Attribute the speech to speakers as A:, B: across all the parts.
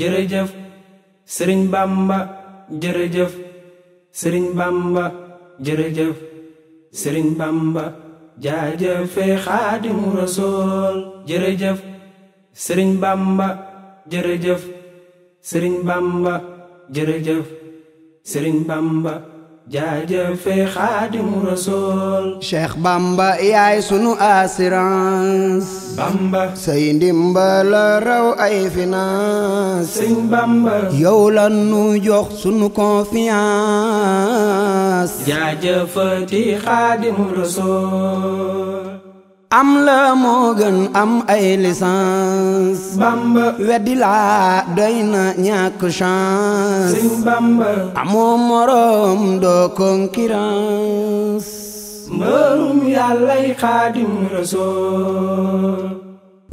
A: jërëjëf sëriñ bamba jërëjëf sëriñ bamba jërëjëf sëriñ bamba jaajëfe xaadimu rasool jërëjëf sëriñ bamba jërëjëf sëriñ bamba jërëjëf sëriñ bamba jaajëfe xaadim rasool cheikh bamba yaay sunu assurance bamba say ndimbal raw ay finance sëñ bamba yow la nu jox sunu confiance jaajëfati xaadim rasool am la moo gën am ay licence bamba weddi laa doy na ñàkk chance sëñ moroom doo concurrence mbërum yàllay xaadim rasool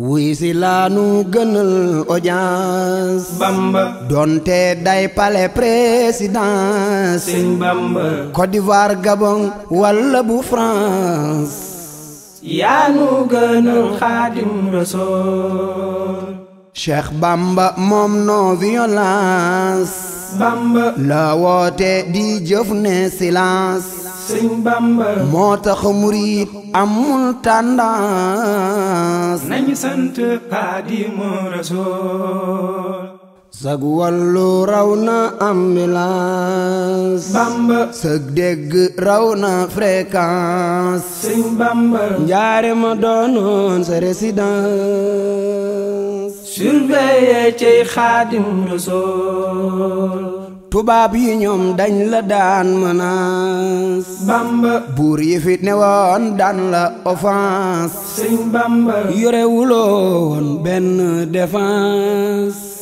A: wuy si laa nu gënal audience bamba doonte day palais présidence sëñ Gabon walla bu France yaa nu gënal xaadim rasool cheikh bamba moom non violence. bamba. la woote di jëf ne silence. sëñ bamba. moo tax murit amul tendance. nañu sant Xaadimu Rasuul sag wallu raw na ambulance bamba sag dégg raw na fréquence sëñ ma doonoon sa résidence surveillé cey xaadim rasool tubaab yi ñoom dañ la daan menace bamba buur yi fi ne daan la offense sëñ wuloo woon benn défense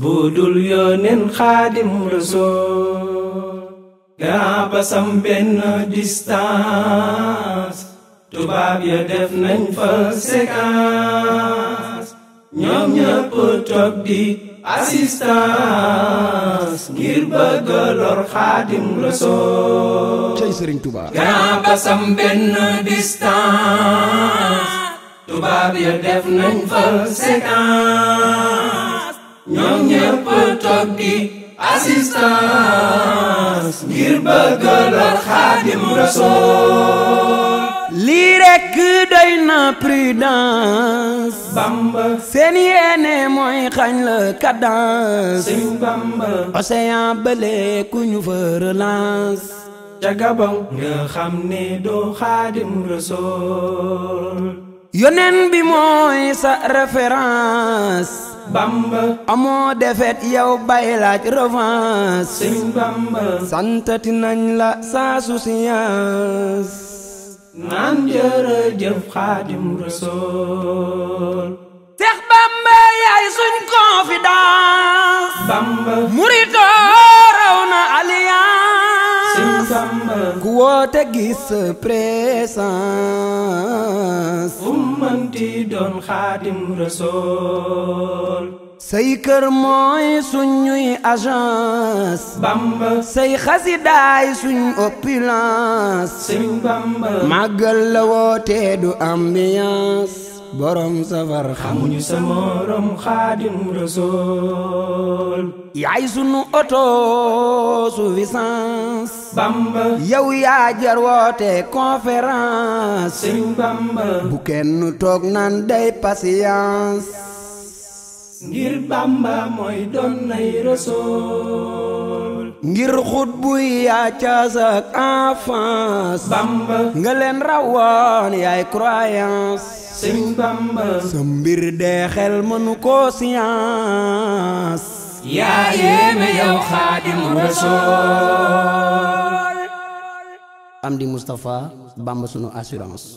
A: budul yónneen xaadim rasool gaa basam benn distance tubaab ya def nañ fa séquence ñoom ñëpp toog di assistance ngir bëgg lor xaadim rasool cay sëriñ tubaab ya def nañ fa séquence ñoom ñépp toog di assistance ngir bëgg la xaadim rasool lii rekk doy na prudence bamba seen yéene mooy xañ la cadence sëñ bamba océan bële ku ñu fa relance ca gabaw nga xam ne doo xaadim rasool yoneen bi mooy sa référence bamba amoo defet yow bay laaj revanche bamba santati nañ la sa souciance naan jërëjëf xaadim rasool seex bamba yaay suñ confidence bamba murito raw na te gis présence ummanti doon say kër mooy suñuy agence bamba say xasidaay suñ opulence sëñ bamba la woote du ambiance borom safar xamuñu sa morom xaadim rasool yaay sunu autosuffisance bamba yow yaa woote conférence bu kenn toog naan day patience ngir bamba mooy doon nay rasool ngir xut buy yaa caas ak bamba nga leen rawoon yaay croyance sëñ Bamba sa mbir dee xel mënu ko science yaa yéeme yow xaadimu rasool am di Moustapha Bamba sunu assurance